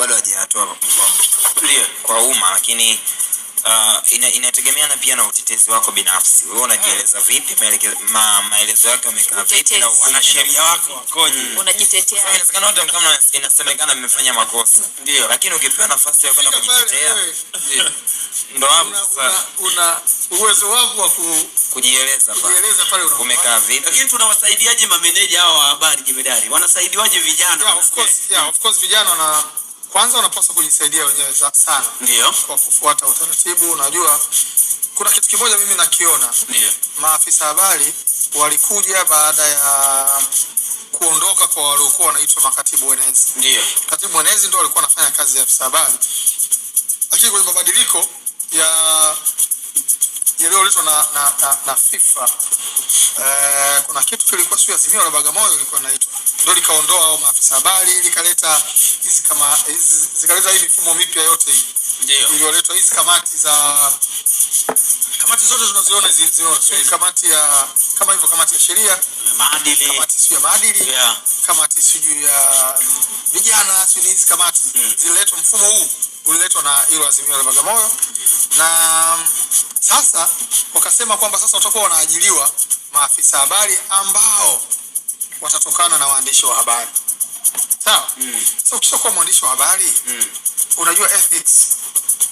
bado hajatoa kwa, kwa umma lakini Uh, ina, inategemeana pia na utetezi wako binafsi. Wewe unajieleza vipi? ma, maelezo yake yamekaa vipi na wanasheria wako wakoje? Unajitetea. Inawezekana hata kama inasemekana mmefanya makosa. Ndio. Lakini ukipewa nafasi ya kwenda kujitetea. Ndio. hapo sasa una uwezo wako wa kujieleza pale. Kujieleza pale umekaa vipi? Lakini tunawasaidiaje mameneja hao wa habari jemedari? Wanasaidiwaje vijana? Yeah, of course, yeah, of course vijana na kwanza wanapaswa kujisaidia wenyewe sana, ndio kwa kufuata utaratibu. Unajua, kuna kitu kimoja mimi nakiona, ndio maafisa habari walikuja baada ya kuondoka kwa waliokuwa wanaitwa makatibu wenezi. Ndio katibu wenezi ndio walikuwa wanafanya kazi ya afisa habari, lakini kwenye mabadiliko ya yaliyoletwa na, na, na, na FIFA e, kuna kitu kilikuwa sio azimio la Bagamoyo ilikuwa inaitwa ndio, likaondoa hao maafisa habari, likaleta hizi kama hizi zikaleta hii mifumo mipya yote hii ndio iliyoletwa hizi kamati za kamati zote tunaziona hizi kamati ya kama hivyo, kamati ya sheria, maadili, kamati sio ya maadili, yeah. kamati sio ya vijana, sio hizi kamati mm. zileta mfumo huu uliletwa na hilo azimio la Bagamoyo, na mm, sasa wakasema kwamba sasa watakuwa wanaajiliwa maafisa habari ambao watatokana na waandishi wa habari sawa. Mm. So ukishakuwa mwandishi wa habari mm, unajua ethics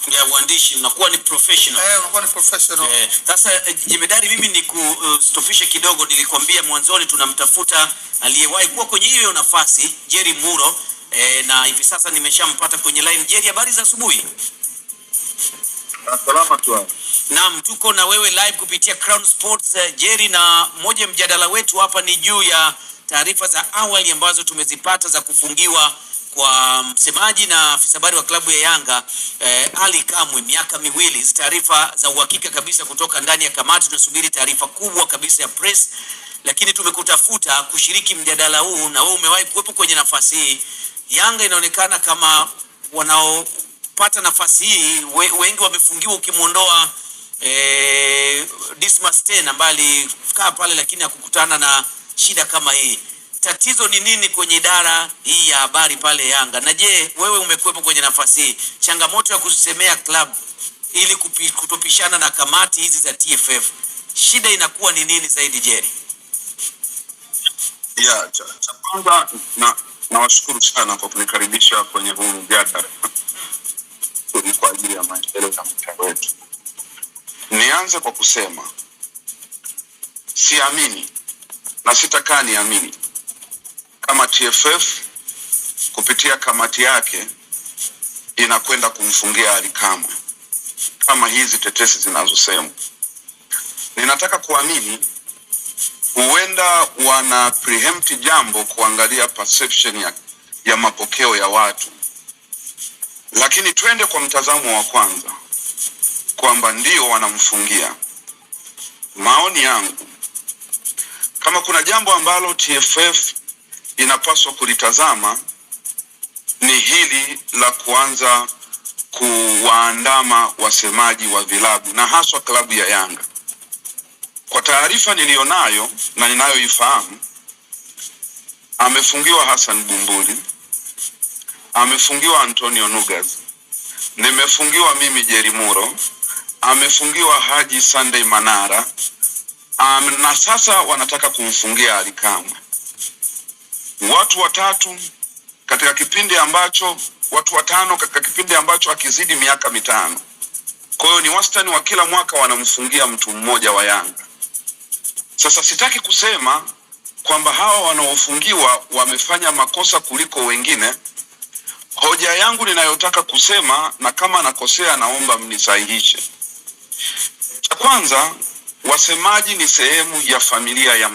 ya uandishi unakuwa ni professional. Eh, unakuwa ni professional. Eh, sasa eh, jemedari, mimi ni kustofisha uh, kidogo. Nilikwambia mwanzoni tunamtafuta aliyewahi kuwa kwenye hiyo nafasi Jerry Muro e, na hivi sasa nimeshampata kwenye line. Jerry, habari za asubuhi. Salama tu. Naam, tuko na wewe live kupitia Crown Sports e, Jerry, na moja mjadala wetu hapa ni juu ya taarifa za awali ambazo tumezipata za kufungiwa kwa msemaji na afisa habari wa klabu ya Yanga eh, Ali Kamwe miaka miwili. Hizi taarifa za uhakika kabisa kutoka ndani ya kamati, tunasubiri taarifa kubwa kabisa ya press, lakini tumekutafuta kushiriki mjadala huu na wewe umewahi kuwepo kwenye nafasi hii Yanga inaonekana kama wanaopata nafasi hii we, wengi wamefungiwa, ukimwondoa e, Dismas tena mbali kaa pale, lakini hakukutana na shida kama hii. Tatizo ni nini kwenye idara hii ya habari pale Yanga? Na je, wewe umekuwepo kwenye nafasi hii, changamoto ya kusemea klabu ili kupi, kutopishana na kamati hizi za TFF, shida inakuwa ni nini zaidi Jerry? Yeah, cha kwanza na Nawashukuru sana kwa kunikaribisha kwenye huu mjadala kwa ajili ya maendeleo ya mtaa wetu. Nianze kwa kusema siamini na sitakaa niamini kama TFF kupitia kamati yake inakwenda kumfungia alikamwe Kamwe kama hizi tetesi zinazosemwa. Ninataka kuamini huenda wana preempt jambo kuangalia perception ya, ya mapokeo ya watu. Lakini twende kwa mtazamo wa kwanza kwamba ndio wanamfungia. Maoni yangu kama kuna jambo ambalo TFF inapaswa kulitazama ni hili la kuanza kuwaandama wasemaji wa vilabu na haswa klabu ya Yanga. Kwa taarifa niliyonayo na ninayoifahamu, amefungiwa Hassan Bumbuli, amefungiwa Antonio Nugaz, nimefungiwa mimi Jerry Muro, amefungiwa Haji Sunday Manara, um, na sasa wanataka kumfungia Ally Kamwe. Watu watatu katika kipindi ambacho watu watano katika kipindi ambacho akizidi miaka mitano. Kwa hiyo ni wastani wa kila mwaka wanamfungia mtu mmoja wa Yanga. Sasa sitaki kusema kwamba hawa wanaofungiwa wamefanya makosa kuliko wengine. Hoja yangu ninayotaka kusema, na kama nakosea, naomba mnisahihishe. Cha kwanza, wasemaji ni sehemu ya familia ya